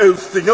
El señor